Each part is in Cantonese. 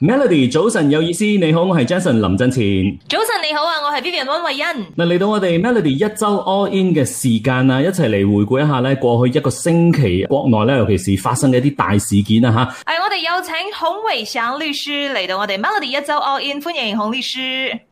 Melody，早晨有意思，你好，我係 Jason 林振前。早晨你好啊，我係 Vivian 溫慧欣。嗱，嚟到我哋 Melody 一周 All In 嘅時間啊，一齊嚟回顧一下呢過去一個星期國內呢，尤其是發生嘅一啲大事件啊吓。我哋有請孔維祥律師嚟到我哋 Melody 一周 All In，歡迎孔律師。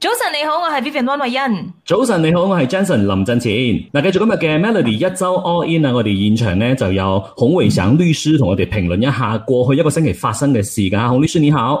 早晨你好，我係 Vivian 王惠恩。早晨你好，我係 Jason 林振乾。嗱，繼續今日嘅 Melody 一周 All In。我哋現場呢就有孔維想律師同我哋評論一下過去一個星期發生嘅事噶，孔律師你好。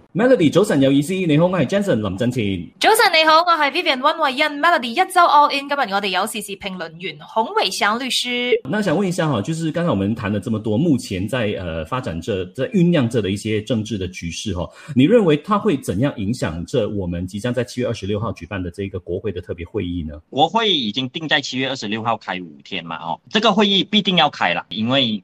Melody 早晨有意思，你好，我是 Jason 林振前。早晨你好，我是 Vivian 温慧欣。Melody 一周 All In，今日我哋有時事評論員洪偉祥律師。那想問一下哈，就是剛才我們談了這麼多，目前在誒發展着、在醞釀着的一些政治的局勢哈，你認為它會怎樣影響着我們即將在七月二十六號舉辦的這個國會的特別會議呢？國會已經定在七月二十六號開五天嘛，哦，這個會議必定要開了，因為。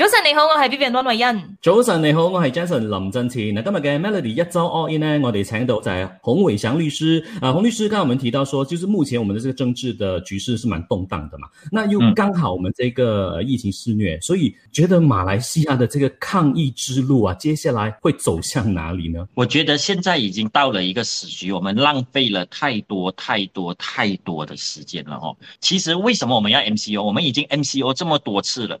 早、嗯、晨，你、嗯、好，我係 B B N 溫慧恩。早、嗯、晨，你好，我係 Jason 林振前。嗱，今日嘅 Melody 一周 All In 咧，我哋請到就係孔維祥律師。啊，洪律師，剛才我們提到說，就是目前我們的這個政治的局勢是蠻動蕩的嘛。那又剛好我們這個疫情肆虐，所以覺得馬來西亞的這個抗疫之路啊，接下來會走向哪裡呢？我覺得現在已經到了一個死局，我們浪費了太多太多太多的時間了哦。其實為什麼我們要 M C O？我們已經 M C O 這麼多次了。